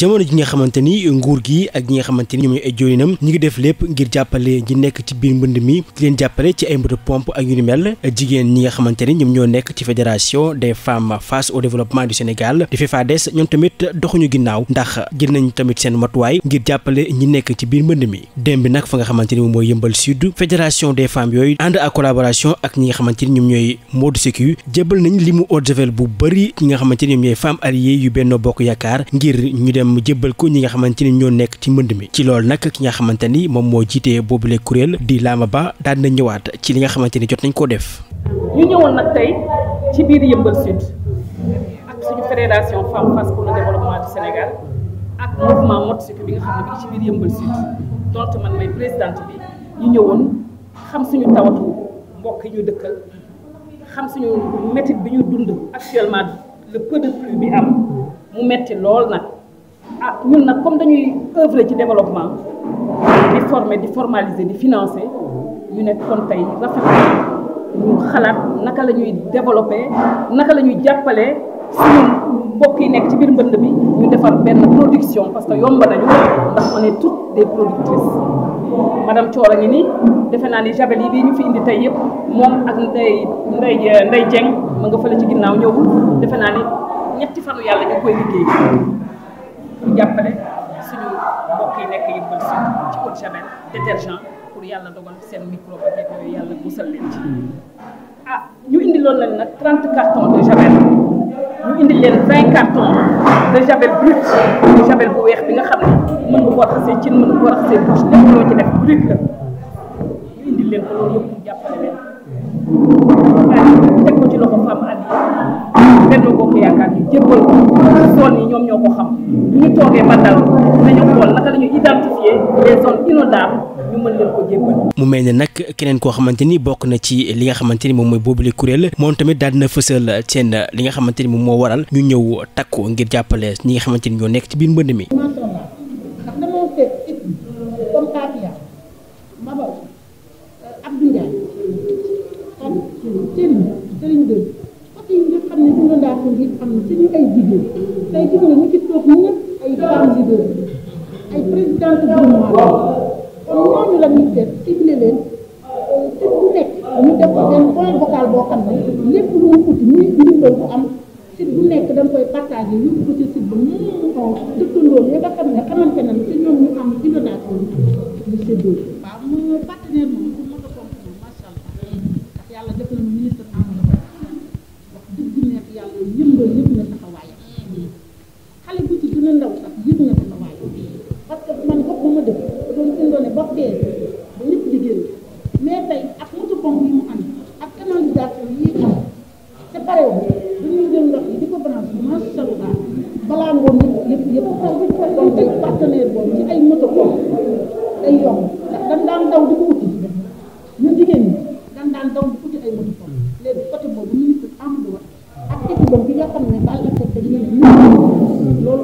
jamono ji nga xamante ni nguur gi ak ñi nga xamante ni ñoom ñooy ay ñu ngi def lépp ngir jàppale ñi nekk ci biir mbënd mi leen jàppale ci ay moto pompe jigéen ñi nga xamante ni ñoom ñoo nekk ci fédération des femmes face au du Sénégal di FEFADES ñoom tamit doxuñu ginnaaw ndax jël nañ tamit seen matuwaay ngir jàppale ñi nekk ci biir mbënd mi démb nag fa nga xamante ni moom mooy yëmbal sud fédération des femmes yooyu ànd ak collaboration ak ñi nga ñoom ñooy mode sécu jébal nañ li mu eau de javel bu bëri ñi nga xamante ni ñoom ñooy femmes alliées yu benn Bokk Yaakaar ngir ñu dem maanaam jébbal ko ñi nga xamante ni ñoo nekk ci mbënd mi ci lool nag ki nga xamante ni moom moo jiitee boobule kuréel di Lama Ba daan na ñëwaat ci li nga xamante ni jot nañ koo def. ñu ñëwoon nag tey ci biir yëmbal sud ak man may présidente bi ñu ñëwoon xam suñu tawatu mbokk yi ñu dëkkal xam suñu métit bi ñu dund actuellement le peu de bi am mu metti lool nag. ah ñun nag comme dañuy œuvrer ci développement di former di formaliser di financer ñu ne kon tey rafet naka la ñuy développer naka la ñuy jàppalee suñu yi nekk ci biir mbënd bi ñu defar benn production parce que yomb nañu ndax on ne toutes des productrices madame Thior a ngi nii defe naa ni jabel yi bii ñu fi indi tey yëpp moom ak Ndeye Ndeye Ndeye Dieng ma nga fële ci ginnaaw ñëwul defe naa ni ñetti fanu yàlla ñu koy liggéey. jàppale su mbokk yi nekk yëppal si ci eau de javel détergent pour yàlla dogal seen microbe ak yooyu yàlla musal leen ci. ah ñu indi loon leen nag 30 cartons de javel ñu indi leen 20 cartons de javel brut de bu weex bi nga xam ne mën nga ko raxasee cin mën nga ko raxasee douche lépp loo ci def brut la ñu indi leen yëpp. jébbal mu mel ne nag keneen koo xamante ni bokk na ci li nga xamante ni moom mooy boobu boobule kuréel moom tamit daal dina fësal seen li nga xamante ni moom moo waral ñu ñëw takku ngir jàppale ñi nga xamante ni ñoo nekk ci biir mbënd mi. population bi am na ci ñu ay jigéen tey gis nga ñu ci toog ñëpp ay femmes ay présidente gouvernement kon ñooñu la ñuy def ciblé leen ci bu nekk ñu def ko benn point vocal boo xam ne lépp lu mu bu am site bu nekk dañ koy partagé yóbbu ko ci si bu mu xaw dëkkandoo yi nga xam am inondation bi ñu séddoo waaw mu partenaire yëngal yëpp nag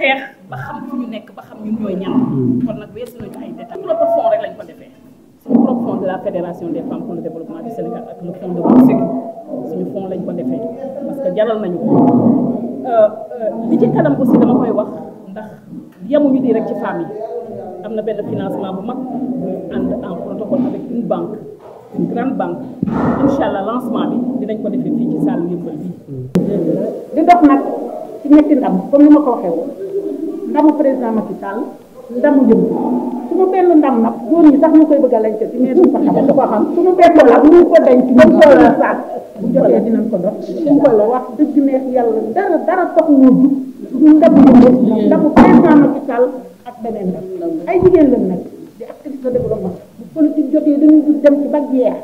xeex ba xam fu ñu nekk ba xam ñun ñooy ñan kon nag weesu nañu ay détails propre fond la fédération des femmes développement du Sénégal ak le fond de lañ ko defee parce que jaral nañu ko euh, euh, li ci kanam aussi dama koy wax ndax yemuñu di rek ci femmes am na benn financement bu mag ànd en protocole avec une banque une grande banque incha lancement bi dinañ ko defee fii ci salle yëppal bi di dox nag ci ñetti ndam comme ni ma ko waxee ndamu président Macky ndamu jëm su ma benn ndam nag góor ñi sax ñu koy bëgg a lañ ci mais duñ ko xam ko xam su ma benn la ñu ko denc ba ko la sax bu jotee dinañ ko dox suñ ko la wax ñu du ndamu jëm ndamu ak beneen ay jigéen lañ nag di activiste de développement bu politique jotee dañuy dem ci ba jeex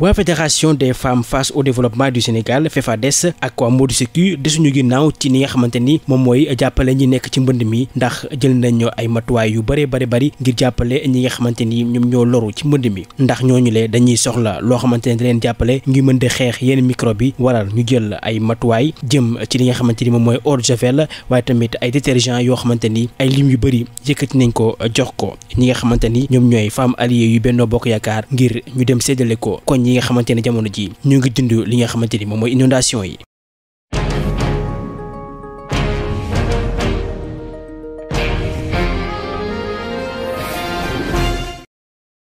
waa fédération des femmes fass au développement du Sénégal des ak waa Modou Sécu desuñu ginnaaw ci ni nga xamante ni moom mooy jàppale ñi nekk ci mbënd mi ndax jël nañ ay matuwaay yu bëree bëri bëri ngir jàppale ñi nga xamante ni ñoom ñoo loru ci mbënd mi ndax ñoo ñu lee dañuy soxla loo xamante ne da leen jàppale ñu mën di xeex yenn microbe bi waral ñu jël ay matuwaay jëm ci li nga xamante ni moom mooy eau de javel waaye tamit ay détergent yoo xamante ni ay lim yu bëri yëkkati nañ ko jox ko ñi nga xamante Benno Bokk Yaakaar ngir ñu dem séddale ko koñ yi nga xamante ne jamono ji ñu ngi dund li nga xamante ni moom mooy inondation yi